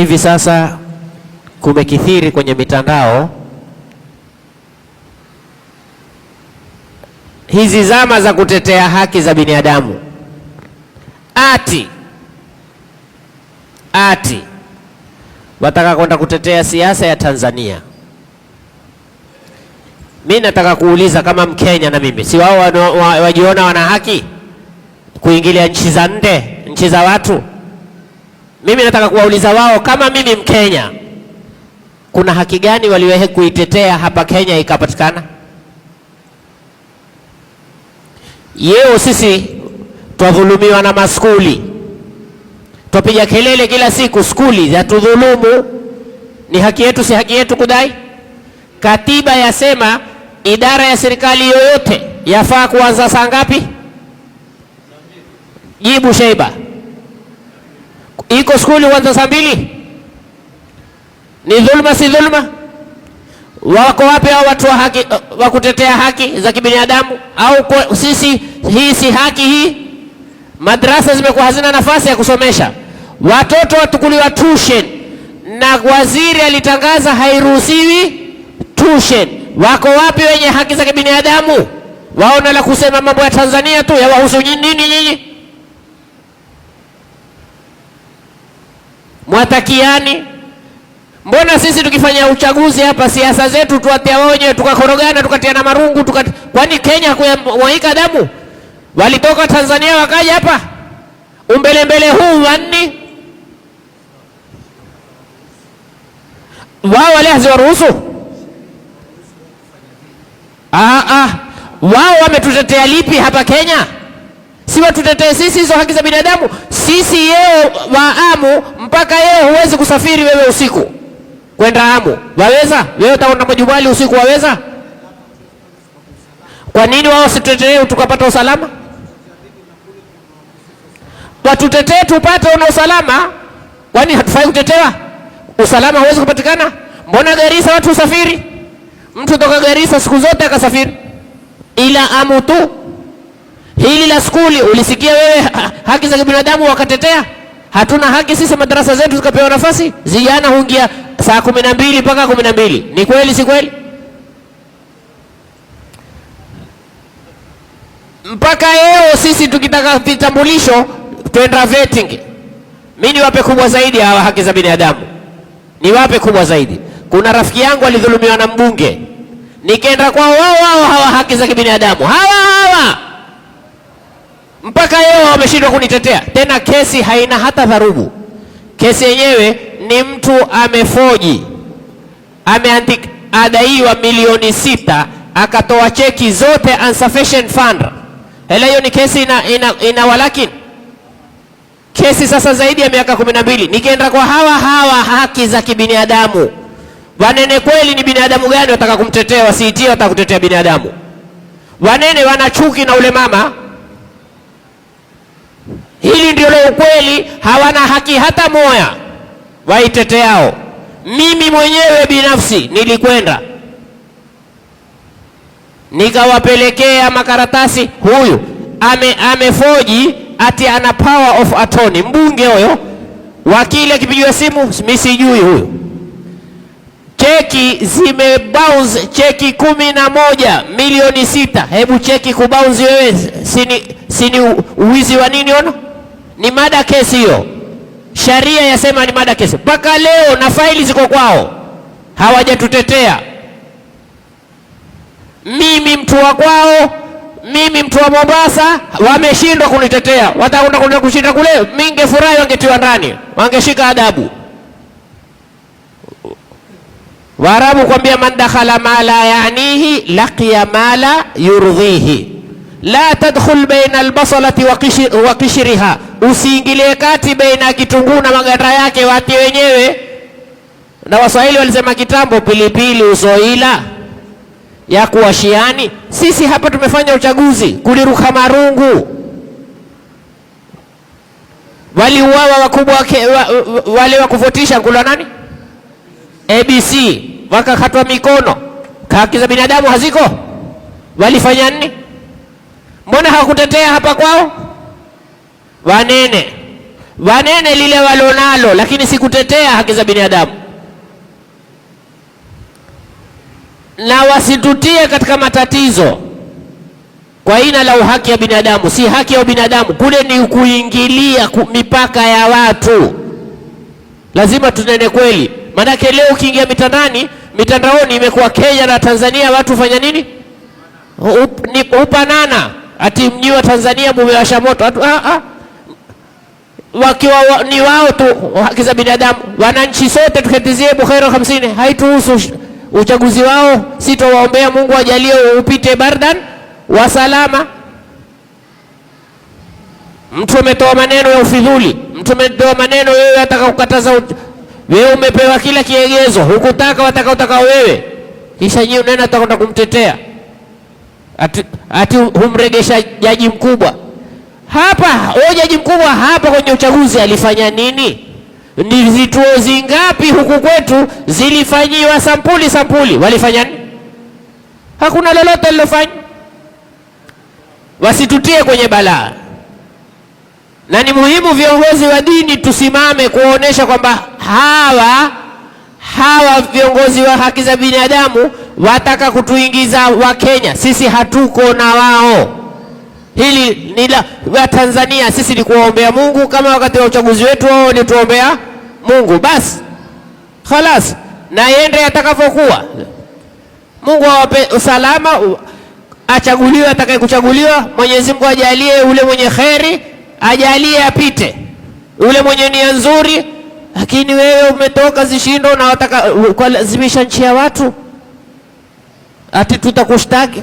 Hivi sasa kumekithiri kwenye mitandao hizi zama za kutetea haki za binadamu, ati ati wataka kwenda kutetea siasa ya Tanzania. Mi nataka kuuliza kama Mkenya na mimi si wao wajiona wana haki kuingilia nchi za nje, nchi za watu? Mimi nataka kuwauliza wao, kama mimi Mkenya, kuna haki gani waliwehe kuitetea hapa Kenya ikapatikana? Yeo sisi twadhulumiwa na maskuli, twapiga kelele kila siku, skuli za tudhulumu. Ni haki yetu, si haki yetu kudai? Katiba yasema idara ya serikali yoyote yafaa kuanza saa ngapi? Jibu Sheiba iko skuli wanza saa mbili. Ni dhulma, si dhulma? Wako wapi hao watu wa haki, eh, wa kutetea haki za kibinadamu? Au kwa, sisi hii si haki hii? Madrasa zimekuwa hazina nafasi ya kusomesha watoto, watukuliwa tuition, na waziri alitangaza hairuhusiwi tuition. Wako wapi wenye haki za kibinadamu? Waona la kusema mambo ya Tanzania tu yawahusu nini nyinyi? mwatakiani? Mbona sisi tukifanya uchaguzi hapa siasa zetu tuwatia wao wenyewe, tukakorogana, tukatiana marungu tukat... kwani Kenya kuwaika damu walitoka Tanzania wakaja hapa umbelembele huu wanni wao wale haziwaruhusu wao wametutetea lipi hapa Kenya? Si watutetee sisi hizo haki za binadamu? Sisi yeo waamu mpaka yeye huwezi kusafiri wewe usiku kwenda Lamu. Waweza wewe utaona majubali usiku waweza? Kwa nini wao situtetee tukapata usalama? Watutetee tupate una usalama? Kwani hatufai kutetewa? Usalama huwezi kupatikana? Mbona Garissa watu usafiri? Mtu toka Garissa siku zote akasafiri, ila amu tu. Hili la skuli ulisikia wewe, haki za kibinadamu wakatetea? Hatuna haki sisi madarasa zetu zikapewa nafasi? zijana huingia saa kumi na mbili mpaka kumi na mbili Ni kweli si kweli? Mpaka leo sisi tukitaka vitambulisho twenda vetting. Mimi niwape kubwa zaidi hawa haki za binadamu, niwape kubwa zaidi. Kuna rafiki yangu alidhulumiwa na mbunge, nikaenda kwao, wao wao hawa haki za kibinadamu hawa hawa mpaka leo wameshindwa kunitetea tena. Kesi haina hata dharubu. Kesi yenyewe ni mtu amefoji, ameandika adaiwa milioni sita, akatoa cheki zote insufficient fund. Hela hiyo ni kesi ina, ina, ina walakini kesi sasa zaidi ya miaka kumi na mbili. Nikienda kwa hawa hawa haki za kibinadamu, wanene kweli ni binadamu gani wataka kumtetea? Wasiitie, wataka binadamu. Wanene wana chuki na ule mama Hili ndio ndilo ukweli, hawana haki hata moya waiteteao. Mimi mwenyewe binafsi nilikwenda nikawapelekea makaratasi. Huyu ame amefoji ati ana power of attorney, mbunge huyo, wakili akipigiwa simu, mimi sijui huyu. Cheki zime bounce, cheki kumi na moja milioni sita. Hebu cheki kubounce wewe, sini sini uwizi wa nini ona ni mada kesi hiyo, sharia yasema ni mada kesi. Mpaka leo na faili ziko kwao, hawajatutetea. Mimi mtu wa kwao, mimi mtu wa Mombasa, wameshindwa kunitetea. Watakwenda kushinda kule, mingefurahi wangetiwa ndani, wangeshika adabu. Waarabu kwambia, man dakhala ma la yanihi laqiya ma la yurdhihi la tadkhul baina albasalati wa qishriha usiingilie kati baina ya kitunguu na maganda yake, watie wenyewe. Na Waswahili walisema kitambo, pilipili usoila ya kuwashiani. Sisi hapa tumefanya uchaguzi, kuliruka marungu, waliuawa wakubwa wake wale wa kufutisha kula nani ABC, wakakatwa mikono, haki za binadamu haziko. Walifanya nini? Mbona hawakutetea hapa kwao? wanene wanene lile walonalo, lakini sikutetea haki za binadamu, na wasitutie katika matatizo kwa ina la uhaki ya binadamu. Si haki ya binadamu kule, ni kuingilia mipaka ya watu. Lazima tunene kweli, maanake leo ukiingia mitandani, mitandaoni imekuwa Kenya na Tanzania, watu fanya nini? Up, ni, upanana ati mnyi wa Tanzania mumewasha moto. Ah, ah wakiwa ni wao tu haki za binadamu. Wananchi sote tuketizie Bukhari hamsini, haituhusu uchaguzi wao. si Sitowaombea Mungu ajalie upite bardan wa salama. Mtu ametoa maneno ya ufidhuli, mtu ametoa maneno wewe ataka kukataza wewe umepewa kila kiegezo, hukutaka wataka utaka wewe, kisha nyinyi unena utakwenda kumtetea ati, ati humregesha jaji mkubwa hapa. Jaji mkubwa hapa kwenye uchaguzi alifanya nini? Ni vituo zingapi huku kwetu zilifanyiwa sampuli sampuli? Walifanya nini? Hakuna lolote lilofanya. Wasitutie kwenye balaa, na ni muhimu viongozi wa dini tusimame kuwaonyesha kwamba hawa hawa viongozi wa haki za binadamu wataka kutuingiza Wakenya, sisi hatuko na wao. Hili ni la Watanzania, sisi ni kuwaombea Mungu kama wakati wa uchaguzi wetu wao walituombea Mungu. Basi khalas, na yende atakavyokuwa Mungu awape usalama, achaguliwe atakaye kuchaguliwa. Mwenyezi Mungu ajalie ule mwenye kheri, ajalie apite ule mwenye nia nzuri. Lakini wewe umetoka zishindo, unawataka kualazimisha nchi ya watu ati tutakushtaki.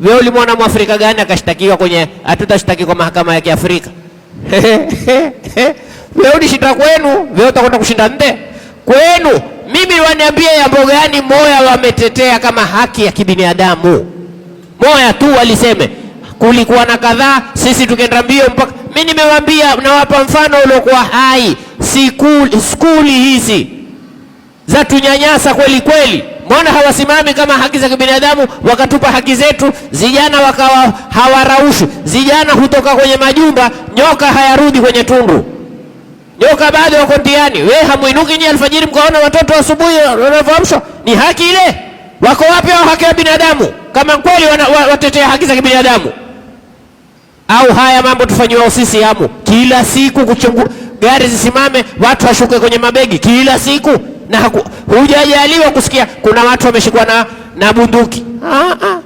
Wewe ulimwona Mwafrika gani akashtakiwa kwenye hatutashitaki kwa mahakama ya Kiafrika? Wewe ulishinda kwenu, wewe utakwenda kushinda nde kwenu. Mimi waniambie yambo gani moya wametetea kama haki ya kibinadamu? Moya tu waliseme kulikuwa na kadhaa, sisi tukaenda mbio mpaka mimi nimewaambia, nawapa mfano uliokuwa hai. skuli hizi za tunyanyasa kweli kweli. Mbona hawasimami kama haki za kibinadamu wakatupa haki zetu? zijana wakawa hawaraushi, zijana hutoka kwenye majumba, nyoka hayarudi kwenye tundu, nyoka bado wako ndiani We hamuinuki nyi alfajiri mkaona watoto asubuhi wanavyoamshwa? Ni haki ile? Wako wapi hao haki ya binadamu, kama kweli watetea haki za kibinadamu? Au haya mambo tufanyiwa sisi hamu kila siku, kuchungu gari zisimame, watu washuke kwenye mabegi kila siku na hujajaliwa kusikia kuna watu wameshikwa na, na bunduki ah, ah.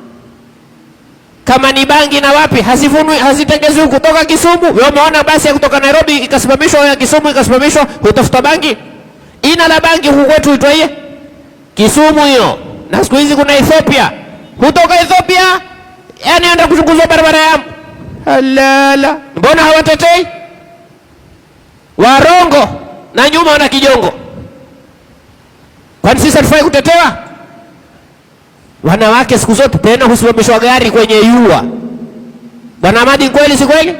Kama ni bangi na wapi hazivunwi hazitengezwi kutoka Kisumu. Wewe umeona basi ya kutoka Nairobi ikasimamishwa ya Kisumu ikasimamishwa, hutafuta bangi. Ina la bangi huku kwetu itwaje? Kisumu hiyo. Na siku hizi kuna Ethiopia. Hutoka Ethiopia yani anaenda kuchunguzwa barabara ya halala. Mbona hawatetei? Warongo na nyuma wana kijongo. Kwani sisi hatufai kutetewa? Wanawake siku zote tena husimamishwa gari kwenye yua. Bwana Amadi, kweli si kweli?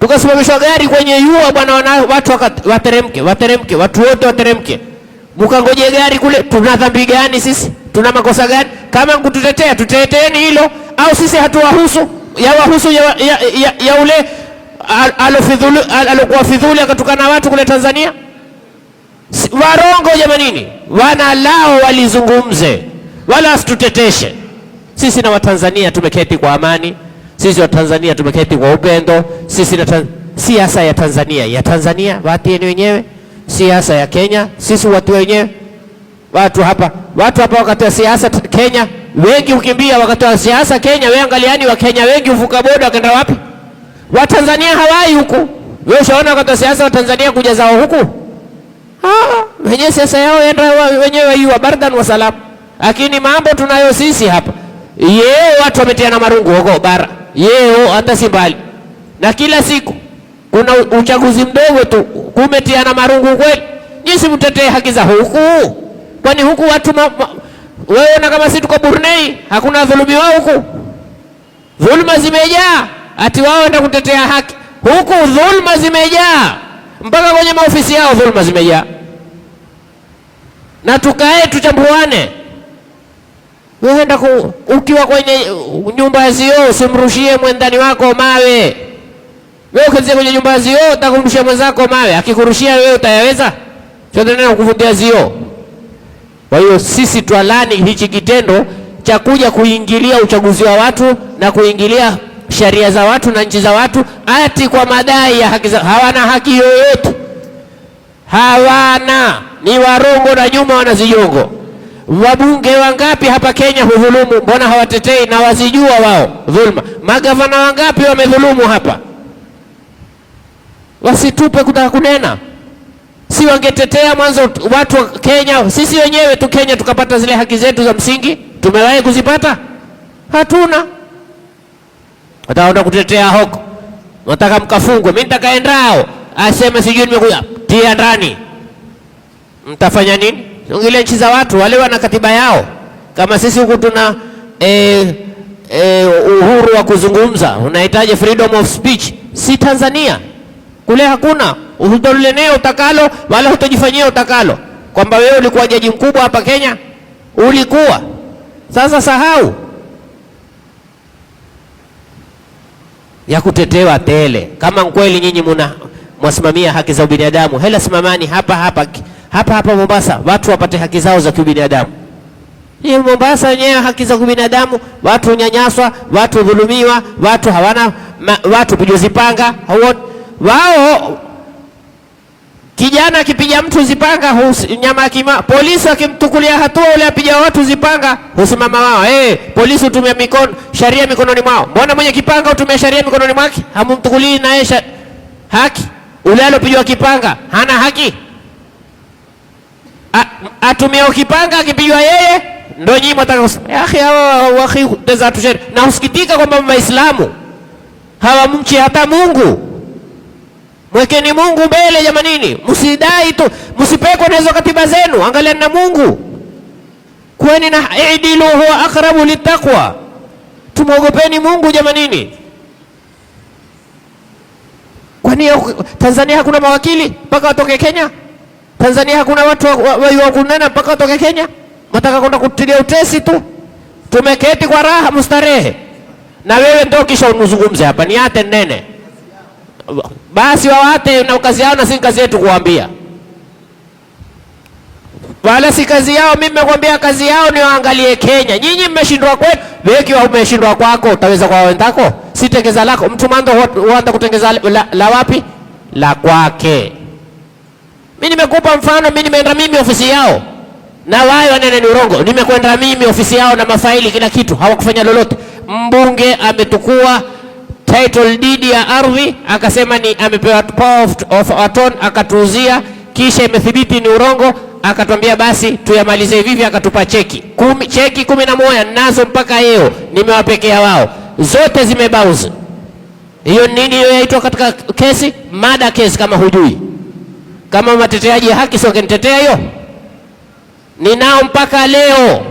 Tukasimamishwa gari kwenye yua bwana, watu wateremke, wateremke, watu wote wateremke, mukangoje gari kule. Tuna dhambi gani sisi? Tuna makosa gani? Kama mkututetea, tuteteeni hilo, au sisi hatuwahusu? Yawahusu ya, ya, ya, ya ule alokuwa fidhuli akatukana watu kule Tanzania. Warongo jamanini, wana lao walizungumze, wala asituteteshe sisi. Na Watanzania tumeketi kwa amani, sisi Watanzania tumeketi kwa upendo, sisi na siasa ya Tanzania ya Tanzania watu wenyewe, siasa ya Kenya sisi watu wenyewe. Watu hapa watu hapa wakati wa siasa Kenya wengi ukimbia wakati wa siasa Kenya. Wewe angaliani, Kenya wengi uvuka boda wakaenda wapi? Watanzania hawai huku. Wewe ushaona wakati wa siasa Watanzania kuja zao huku Ah, wenyewe siasa yao enda wenyewe hiyo bardan wa salam. Lakini mambo tunayo sisi hapa. Yeo watu wametiana marungu huko bara. Yeo hata si mbali. Na kila siku kuna uchaguzi mdogo tu kumetiana marungu kweli. Jinsi mtetee haki za huku. Kwani huku watu ma, ma, wewe na kama sisi tuko Brunei hakuna dhulumi wao huku. Dhulma zimejaa. Ati wao wenda kutetea haki. Huku dhulma zimejaa. Mpaka kwenye maofisi yao dhulma zimejaa na tukae tuchambuane. ku, ukiwa kwenye nyumba ya zio, e usimrushie mwendani wako mawe. Wewe ukizia kwenye nyumba ya zio, e utakumrushia mwenzako mawe, akikurushia wewe utayaweza chote kuvutia zio. E kwa hiyo sisi twalani hichi kitendo cha kuja kuingilia uchaguzi wa watu na kuingilia sheria za watu na nchi za watu, ati kwa madai ya haki za, hawana haki yoyote hawana, ni warongo na nyuma wanazijongo. Wabunge wangapi hapa Kenya hudhulumu? Mbona hawatetei na wazijua wao dhulma? Magavana wangapi wamedhulumu hapa? Wasitupe kutaka kunena, si wangetetea mwanzo watu wa Kenya? Sisi wenyewe tu Kenya tukapata zile haki zetu za msingi, tumewahi kuzipata? Hatuna. Wataenda kutetea hoko, nataka mkafungwe. Mimi nitakaendao aseme sijui nimekuja tia ndani, mtafanya nini? Zile nchi za watu wale wana katiba yao, kama sisi huku tuna e, e, uhuru wa kuzungumza, unahitaji freedom of speech. Si Tanzania kule hakuna utolenea utakalo wala hutojifanyia utakalo, kwamba wewe ulikuwa jaji mkubwa hapa Kenya, ulikuwa sasa, sahau ya kutetewa tele. Kama kweli nyinyi muna mwasimamia haki za ubinadamu, hela simamani hapa hapa hapa hapa Mombasa, watu wapate haki zao za kibinadamu. Ni Mombasa wenyewe haki za kibinadamu, watu unyanyaswa, watu dhulumiwa, watu hawana ma, watu kujuzi panga wao. Kijana akipiga mtu zipanga nyama kima, polisi akimtukulia hatua ule apiga watu zipanga husimama wao. Hey, eh, polisi utumia mikono, sharia mikononi mwao. Mbona mwenye kipanga utumia sharia mikononi mwake, hamumtukulii naye haki? Ule alopigwa kipanga hana haki? Atumia ukipanga akipigwa yeye ndo nyinyi mwataka na husikitika kwamba Waislamu mchi hata Mungu. Mwekeni Mungu mbele jamanini, msidai tu, msipekwe na hizo katiba zenu, angalieni na Mungu. kweni na idilu huwa akrabu litakwa tumwogopeni Mungu jamanini. Tanzania, Tanzania hakuna mawakili mpaka watoke Kenya? Tanzania hakuna watu wakunena mpaka watoke Kenya? Mataka kwenda kutilia utesi tu. Tumeketi kwa raha mustarehe, na wewe ndio kisha unuzungumze hapa ni ate nene basi, wawate na kazi yao, na si kazi yetu kuambia, wala si kazi yao. Mimi nimekwambia kazi yao ni waangalie Kenya. Nyinyi mmeshindwa kwetu, kiwa umeshindwa kwako, utaweza kwa wenzako? si tengeza lako. Mtu mwanzo huanza kutengeza la, la wapi? La kwake. Mimi nimekupa mfano, mimi nimeenda mimi ofisi yao na wao wanene ni urongo. Nimekwenda mimi ofisi yao na mafaili kila kitu, hawakufanya lolote. Mbunge ametukua title deed ya ardhi akasema ni amepewa power of attorney, akatuuzia kisha imethibiti ni urongo, akatwambia basi tuyamalize hivi akatupa cheki kumi, cheki kumi na moja nazo mpaka leo nimewapekea wao zote zimebauzi. Hiyo nini hiyo yaitwa katika kesi mada kesi, kama hujui, kama mateteaji ya haki siwakenitetea hiyo. Ninao mpaka leo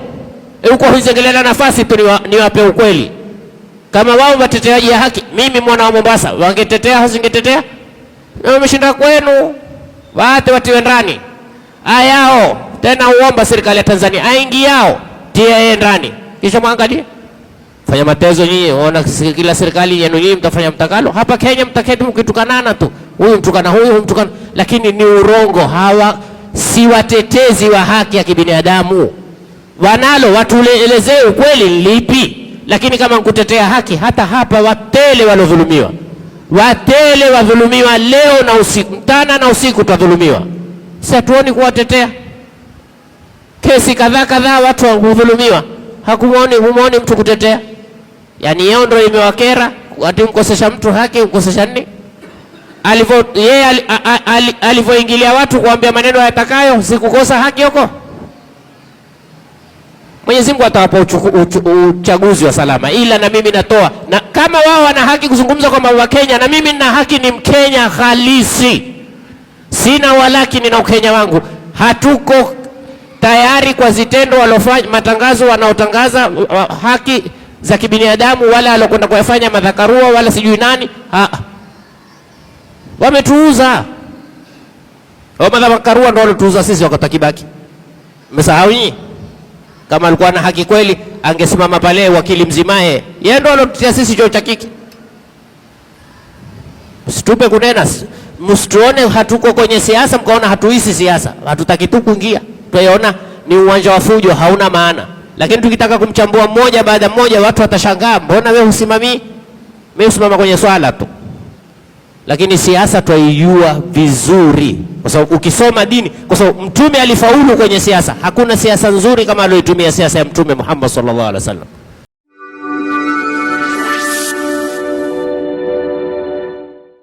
huko huizengelea nafasi tu niwape ukweli kama wao mateteaji ya haki, mimi mwana wa Mombasa wangetetea hasingetetea na wameshinda kwenu, waate watiwe ndani ayao. Tena uomba serikali ya Tanzania aingiao, tie yeye ndani, kisha mwangalie fanya matezo nyinyi, ona kila serikali yenu nyinyi mtafanya mtakalo. Hapa Kenya mtaketi mkitukanana tu, huyu mtukana huyu, huyu mtukana, lakini ni urongo. Hawa si watetezi wa haki ya kibinadamu, wanalo watuelezee ukweli lipi. Lakini kama nkutetea haki, hata hapa watele walodhulumiwa, watele wadhulumiwa leo na usiku, mtana na usiku, tadhulumiwa, Si hatuoni kuwatetea? Kesi kadhaa kadhaa watu hudhulumiwa, hakumwoni humwoni mtu kutetea. Yaani yeye ndio imewakera ati mkosesha mtu haki, mkosesha nini? Alivyo yeye alivyoingilia watu kuambia maneno yatakayo, sikukosa haki huko. Mwenyezi Mungu atawapa uchaguzi wa salama, ila na mimi natoa na, kama wao wana haki kuzungumza kwamba Kenya, na mimi nina haki, ni Mkenya halisi, sina walaki, nina Ukenya wangu. Hatuko tayari kwa zitendo walofanya matangazo wanaotangaza haki za kibinadamu wala alokwenda kuyafanya madhakarua wala sijui nani. ha. Wametuuza wa madhakarua, ndo walituuza sisi wakati Kibaki. Msahau nyinyi? Kama alikuwa na haki kweli, angesimama pale wakili Mzimae, yeye ndo alotutia sisi choo cha kiki. Msitupe kunena, msituone hatuko kwenye siasa mkaona hatuhisi siasa, hatutaki tu kuingia, tuiona ni uwanja wa fujo, hauna maana. Lakini tukitaka kumchambua mmoja baada mmoja, watu watashangaa, mbona wewe usimami, Mimi usimama kwenye swala tu, lakini siasa twaijua vizuri, kwa sababu ukisoma dini, kwa sababu Mtume alifaulu kwenye siasa. Hakuna siasa nzuri kama aliyoitumia siasa ya Mtume Muhammad sallallahu alaihi wasallam.